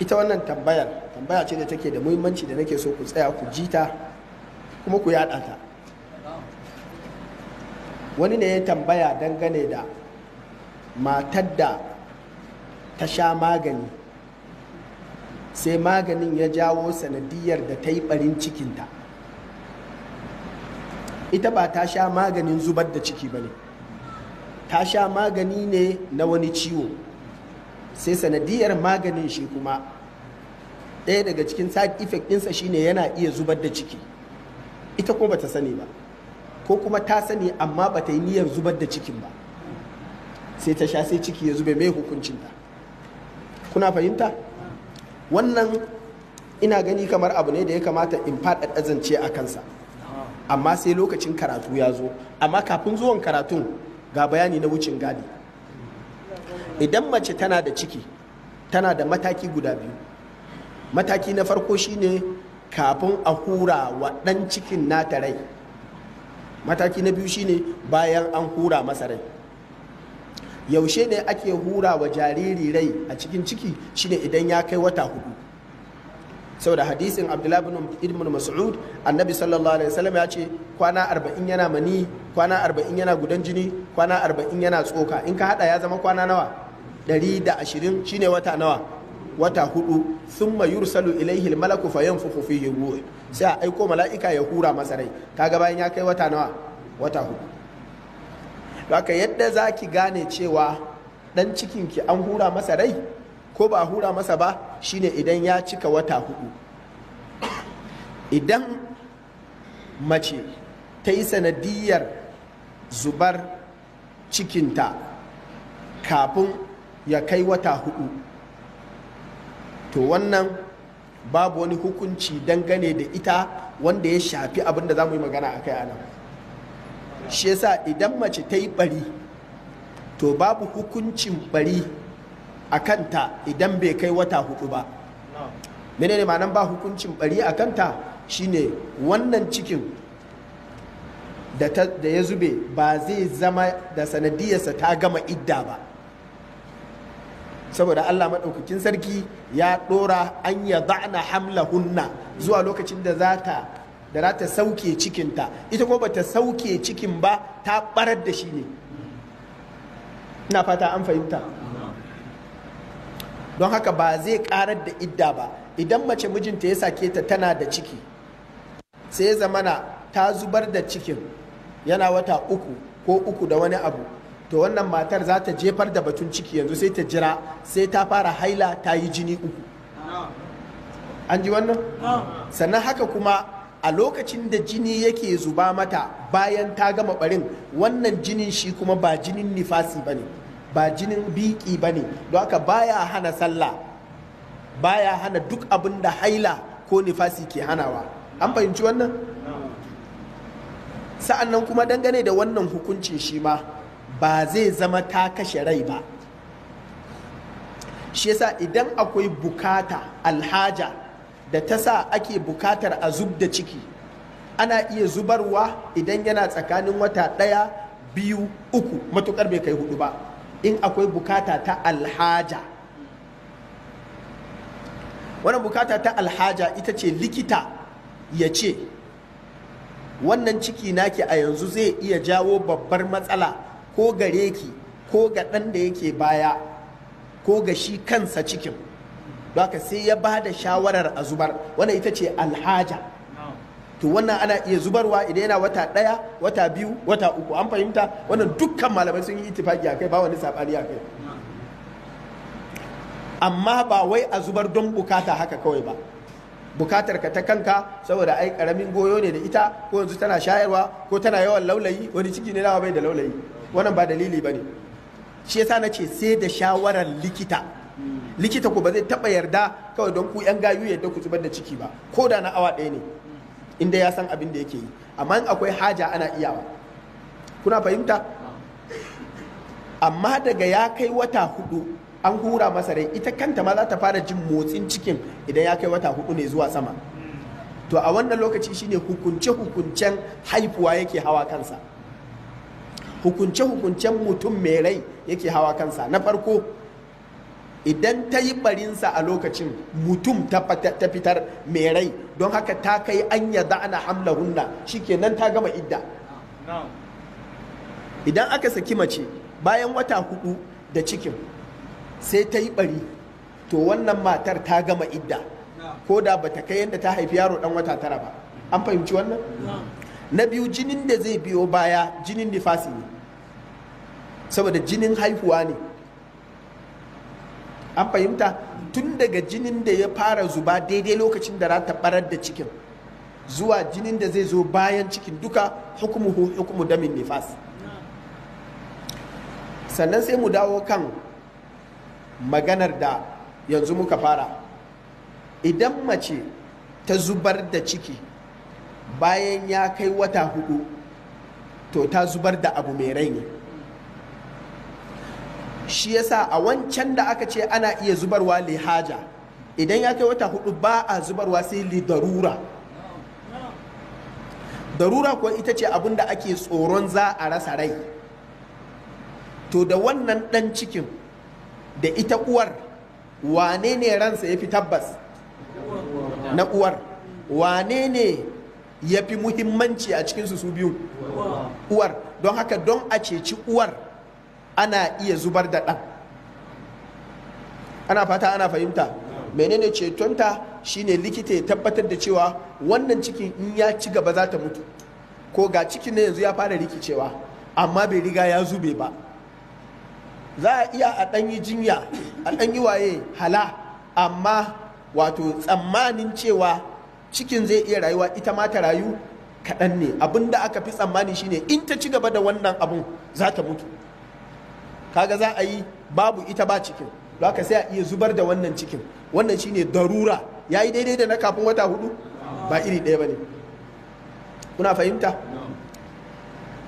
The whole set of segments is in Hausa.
ita wannan tambayar tambaya ce da take da muhimmanci da nake so ku tsaya ku ji ta kuma ku yaɗa ta wani ne ya tambaya dangane da matar da ta sha magani sai maganin ya jawo sanadiyar da ta yi barin cikinta ita ba ta sha maganin zubar da ciki ba ne ta sha magani ne na wani ciwo sai sanadiyar maganin shi kuma ɗaya daga cikin side effect ɗinsa shine yana iya zubar da ciki ita kuma bata sani ba ko kuma ta sani amma bata yi niyyar zubar da cikin ba sai ta sha sai ciki ya zube mai hukuncinta kuna fahimta wannan ina gani kamar abu ne da ya kamata in faɗaɗa zance a kansa amma sai lokacin karatu ya zo amma kafin zuwan karatun ga bayani na wucin gadi idan mace tana da ciki tana da mataki guda biyu mataki na farko shine kafin a hura wa ɗan cikin nata rai mataki na biyu shine bayan an hura masa rai yaushe ne ake hura wa jariri rai a cikin ciki shine idan ya kai wata hudu saboda hadisin abdullahi ibn mas'ud annabi sallallahu alaihi wasallam ya ce kwana arba'in yana mani kwana arba'in yana gudan jini kwana arba'in yana tsoka in ka hada ya zama kwana nawa dari da ashirin shine wata nawa wata hudu sun ma yursalu ilaihi malaku fa yanfukhu fihi ruh sai a aiko mala'ika ya hura masa rai kaga bayan ya kai wata nawa wata hudu haka yadda zaki gane cewa dan cikinki an hura masa rai ko ba hura masa ba shine idan ya cika wata hudu idan mace ta yi sanadiyar zubar cikinta kafin ya kai wata hudu to wannan babu wani hukunci dangane da ita wanda ya shafi abin da za mu yi magana a kai anan shi yasa idan mace ta yi bari to babu hukuncin bari a kanta idan bai kai wata hudu ba menene ma'anan ba hukuncin bari a kanta shine wannan cikin da ya zube ba zai zama da sanadiyarsa ta gama idda ba saboda Allah maɗaukacin sarki ya ɗora an ya hamla hunna zuwa lokacin da za ta da za ta sauke cikinta ita ko ta sauke cikin ba ta ɓarar da shi ne ina fata an fahimta don haka ba zai karar da idda ba idan mace mijinta ya sake ta tana da ciki sai ya zamana ta zubar da cikin yana wata uku ko uku da wani abu to wannan matar za ta jefar da batun ciki yanzu sai ta jira sai ta fara haila ta yi jini uku an ji wannan sannan haka kuma a lokacin da jini yake zuba mata bayan ta gama barin wannan jinin shi kuma ba jinin nifasi ba ne ba jinin biki ba ne don haka baya hana sallah baya hana duk abin da haila ko nifasi ke hanawa an fahimci wannan sa'an nan kuma dangane da wannan hukuncin shi ma ba zai zama ta kashe rai ba shi yasa idan akwai bukata alhaja da ta sa ake bukatar a zub da ciki ana iya zubarwa idan yana tsakanin wata ɗaya biyu uku matukar bai kai hudu ba in akwai bukata ta alhaja wannan bukata ta alhaja ita ce likita ya ce wannan ciki naki a yanzu zai iya jawo babbar matsala ko gare ki ko ga ɗan da yake baya ko ga shi kansa cikin haka sai ya ba da shawarar a zubar wannan ita ce alhaja to wannan ana iya zubarwa idan yana wata ɗaya wata biyu wata uku an fahimta wannan dukkan malamai sun yi itifaki a kai ba wani saɓani a kai amma ba wai a zubar don bukata haka kawai ba bukatar ka ta kanka saboda ai karamin goyo ne da ita ko yanzu tana shayarwa ko tana yawan laulayi wani ciki ne bai da laulayi wannan ba dalili ne shi yasa na ce sai da shawarar likita likita ku ba zai taɓa yarda kawai don ku yan gayu yadda ku zubar da ciki ba ko da na awa ɗaya ne inda ya san abin da yake yi amma in akwai haja ana iyawa kuna fahimta amma daga ya kai wata hudu an hura masa rai ita kanta ma za ta fara jin motsin cikin idan ya kai wata hudu ne zuwa sama to a wannan lokaci shine hukunce hukuncen haifuwa yake hawa kansa hukunce hukuncen mutum mai rai yake hawa kansa na farko idan ta yi barinsa a lokacin mutum ta fitar mai rai don haka ta kai an ya hunna shi kenan ta gama idda idan aka saki mace bayan wata hudu da cikin sai ta yi bari to wannan matar ta gama idda ko da ba ta kai yadda ta haifi yaro dan wata tara ba an fahimci wannan na biyu jinin da zai biyo baya jinin nifasi ne saboda jinin haihuwa ne an fahimta tun daga jinin da ya fara zuba daidai lokacin da za ta barar da cikin zuwa jinin da zai zo bayan cikin duka hukumuhu hukumu damin nifas sannan sai mu dawo kan maganar da yanzu muka fara idan mace ta zubar da ciki bayan ya kai wata hudu to ta zubar da abu mai rai ne shi yasa a wancan da aka ce ana iya zubarwa lihaja idan ya kai wata hudu ba a zubarwa sai li darura darura kuwa ita ce abin da ake tsoron za a rasa rai to da wannan dan cikin da ita uwar wane ne ransa ya fi tabbas na uwar wane ne ya fi muhimmanci a cikinsu su biyu uwar don haka don a ceci uwar ana iya zubar da ɗan ana fata ana fahimta menene cetonta shine likita ya tabbatar da cewa wannan cikin in ya ci gaba za ta mutu ko ga cikin na yanzu ya fara rikicewa amma bai riga ya zube ba za a iya a ɗanyi jinya a ɗanyi waye hala amma wato tsammanin cewa cikin zai iya rayuwa ita ma ta rayu kaɗan ne Abun da aka fi tsammani shine in ta ci gaba da wannan abun za ta mutu kaga za a yi babu ita ba cikin haka sai a iya zubar da wannan cikin wannan shine darura ya yi daidai da na kafin wata hudu ba iri ɗaya ba ne kuna fahimta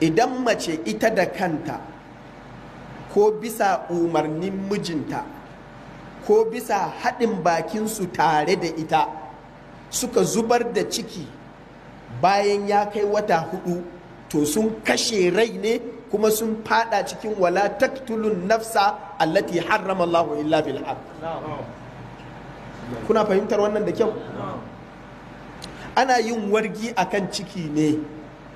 idan mace ita da kanta ko bisa umarnin mijinta ko bisa haɗin bakinsu tare da ita suka zubar da ciki bayan ya kai wata hudu to sun kashe rai ne kuma sun fada cikin wala taktulun nafsa allati harrama Allahu illa bil haq kuna fahimtar wannan da kyau ana yin wargi akan ciki ne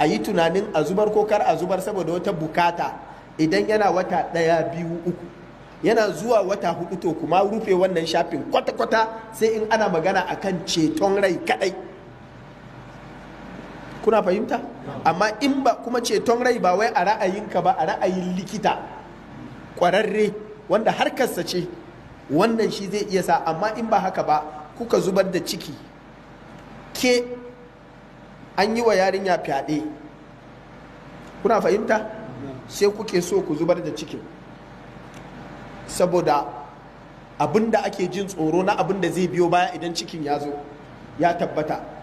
a yi tunanin a zubar ko a zubar saboda wata bukata idan yana wata ɗaya biyu uku yana zuwa wata hudu to kuma rufe wannan shafin kwata-kwata sai in ana magana akan ceton rai kadai kuna fahimta amma in ba kuma ceton rai ba wai a ra'ayinka ba a ra'ayin likita ƙwararre wanda harkarsa ce wannan shi zai iya sa amma in ba haka ba kuka zubar da ciki ke an yi wa yarinya fyaɗe kuna fahimta sai kuke so ku zubar da cikin saboda abinda ake jin tsoro na abin da zai biyo baya idan cikin ya zo ya tabbata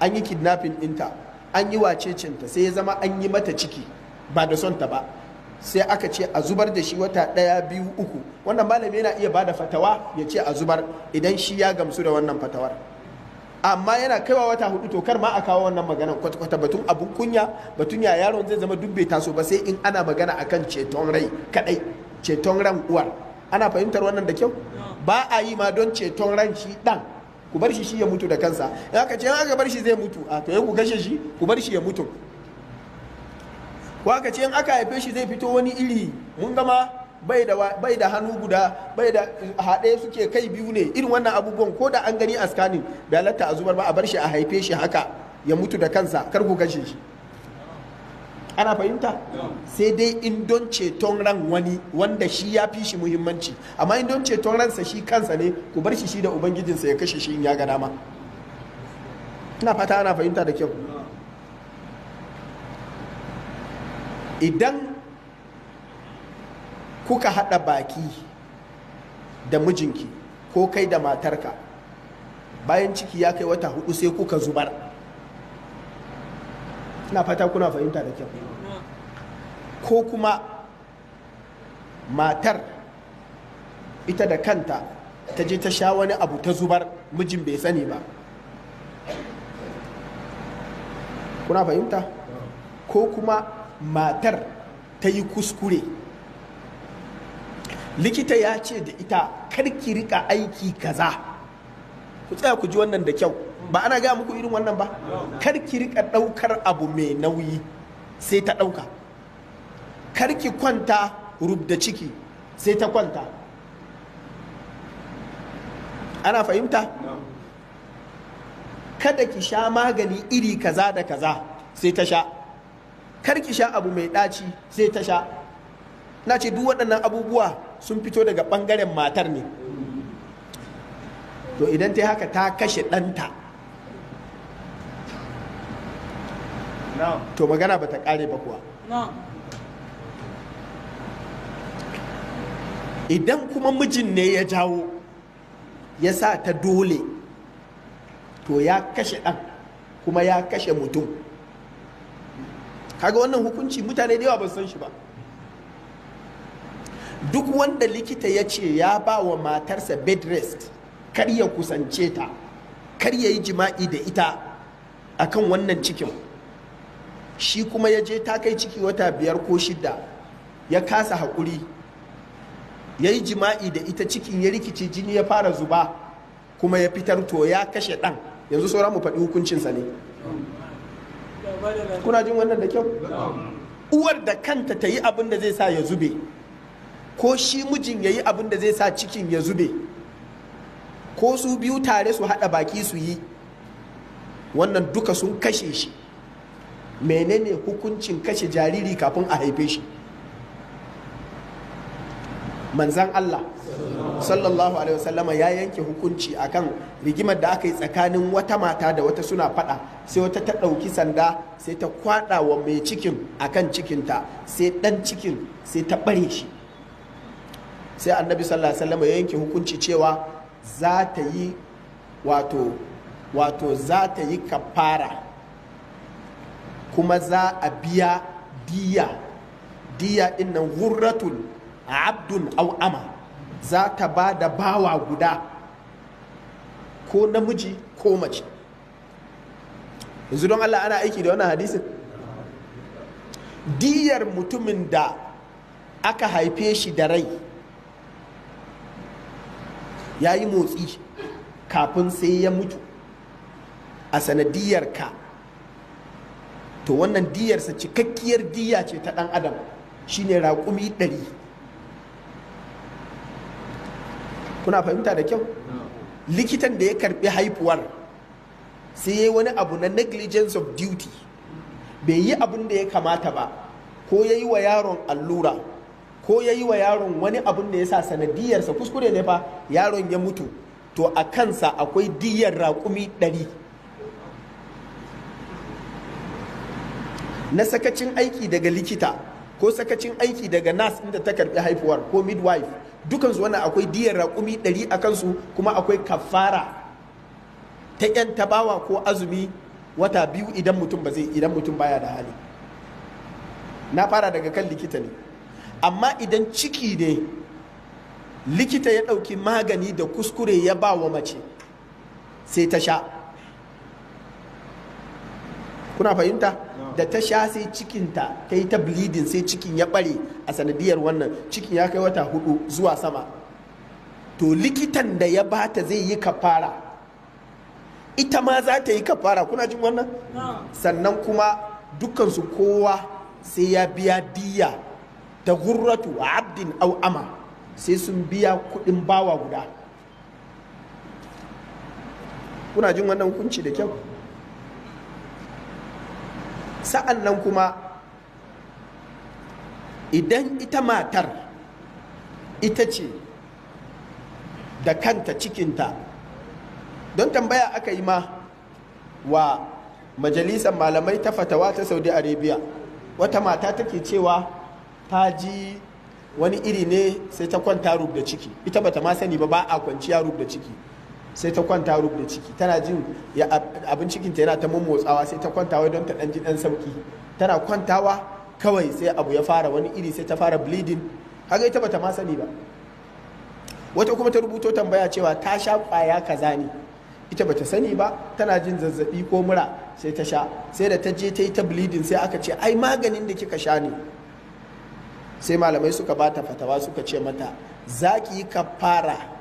an yi kidnapping ɗinta an yi wacecinta sai ya zama an yi mata ciki ba da son ta ba sai aka ce a zubar da shi wata ɗaya biyu uku wannan malami yana iya ba da fatawa ya ce a zubar idan shi ya gamsu da wannan fatawar amma yana kaiwa wata hudu to kar ma a kawo wannan maganan kwata-kwata batun abun kunya batun ya yaron zai zama dubbe taso ba sai in ana magana akan ceton rai kadai ceton ran uwar ana fahimtar wannan da kyau ba a yi ma don ceton ran shi dan ku bar shi shi ya mutu da kansa in aka ce aka bar shi zai mutu a to eh, ku gashe shi ku bar shi ya mutu ko aka ce in aka haife shi zai fito wani iri mun gama bai da hannu guda bai da haɗe suke kai biyu ne irin wannan abubuwan ko da an gani a scanning bai halatta a zubar ba a bar shi a haife shi haka ya mutu da kansa kar ku gashe shi ana fahimta sai dai in don ceton ran wani wanda shi ya fi shi muhimmanci amma in don ceton ransa shi kansa ne ku bar shi shi da ubangijinsa ya kashe shi in ya ga dama ina fata ana fahimta da kyau idan kuka hada baki da mijinki ko kai da matarka bayan ciki ya kai wata hudu sai kuka zubar ina fata kuna fahimta da kyau ko kuma matar ita da kanta ta je ta sha wani abu ta zubar mijin bai sani ba kuna fahimta ko kuma matar ta yi kuskure likita ya ce da ita karki rika aiki kaza ku tsaya ku ji wannan da kyau ba ana gaya muku irin wannan ba kar ki rika daukar abu mai nauyi sai ta dauka kar ki kwanta rubda ciki sai ta kwanta ana fahimta kada ki sha magani iri kaza da kaza sai ta sha kar ki sha abu mai ɗaci sai ta sha na ce duk waɗannan abubuwa sun fito daga ɓangaren matar ne to idan ta haka ta kashe ɗanta to magana ba ta kare ba kuwa idan kuma mijin ne ya jawo ya sa ta dole to ya kashe ɗan kuma ya kashe mutum kaga wannan hukunci mutane da yawa ba san shi ba duk wanda likita ya ce ya ba wa matarsa bed rest kar ya kusance ta kar ya yi jima'i da ita akan wannan cikin shi kuma ya je ta kai ciki wata biyar ko shida ya kasa haƙuri ya yi jima'i da ita cikin ya rikice jini ya fara zuba kuma ya fitar to ya kashe ɗan yanzu saura mu faɗi hukuncinsa ne kuna jin wannan da kyau uwar da kanta ta yi abin da zai sa ya zube ko shi mijin ya yi abin da zai sa cikin ya zube ko su biyu tare su haɗa baki su yi wannan duka sun kashe shi menene hukuncin kashe jariri kafin a haife shi manzan Allah sallallahu alaihi wasallama ya yanke hukunci akan rigimar da aka yi tsakanin wata mata da wata suna fada sai wata ta ɗauki sanda sai ta kwada wa mai cikin akan cikinta sai ɗan cikin sai ta bare shi sai annabi sallallahu alaihi wasallama ya yanke hukunci cewa za ta yi wato wato za ta yi kafara kuma za a biya diya diya din hurratun abdun au ama za ta ba da bawa guda ko namiji ko mace yanzu don Allah ana aiki da wannan hadisin diyar mutumin da aka haife shi da rai ya yi motsi kafin sai ya mutu a sanadiyar ka to wannan diyarsa cikakkiyar diya ce ta ɗan adam shine raƙumi ɗari kuna fahimta da kyau likitan da ya karɓi haifuwar sai ya yi wani abu na negligence of duty bai yi abin da ya kamata ba ko ya yi wa yaron allura ko ya yi wa yaron wani abun da ya sa sanadiyarsa kuskure ne fa yaron ya mutu to a kansa akwai diyar raƙumi ɗari na sakacin aiki daga likita ko sakacin aiki daga nas inda ta karbi haifuwar ko midwife dukansu wannan akwai diyar raƙumi ɗari a kansu kuma akwai kafara ta yan tabawa ko azumi wata biyu idan mutum ba zai idan mutum baya da hali na fara daga kan likita ne amma idan ciki ne likita ya ɗauki magani da kuskure ya ba wa mace sai ta sha kuna fahimta da ta sha sai cikinta ta yi ta bleeding sai cikin ya bare a sanadiyar wannan cikin ya kai wata hudu zuwa sama to likitan da ya bata zai yi kafara ita ma za ta yi kafara kuna jin wannan sannan kuma dukansu kowa sai ya biya diya ta gurratu a abdin au'ama, ama sai sun biya kudin bawa guda kuna jin wannan hukunci da kyau sa'an nan kuma idan ita matar ita ce da kanta cikinta don tambaya aka yi ma wa majalisar malamai ta fatawa ta saudi arabia wata mata take cewa ta ji wani iri ne sai ta kwanta rub da ciki ita bata ma sani ba ba a kwanciya rub da ciki sai ta kwanta rub da ciki tana jin abin cikinta yana ta mummotsawa sai ta kwanta wai don ta dan ji dan sauki tana kwantawa kawai sai abu ya fara wani iri sai ta fara bleeding haka ita bata ma sani ba wata kuma ta rubuto tambaya cewa ta sha kwaya kaza ne ita bata sani ba tana jin zazzabi ko mura sai ta sha sai da ta je ta yi ta bleeding sai aka ce ai maganin da kika sha ne sai malamai suka bata fatawa suka ce mata za ki yi kafara